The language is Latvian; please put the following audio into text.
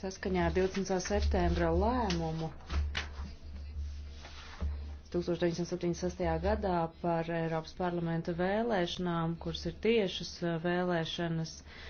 Saskaņā ar 20. septembra lēmumu 1976. gadā par Eiropas parlamenta vēlēšanām, kuras ir tiešas eh, vēlēšanas,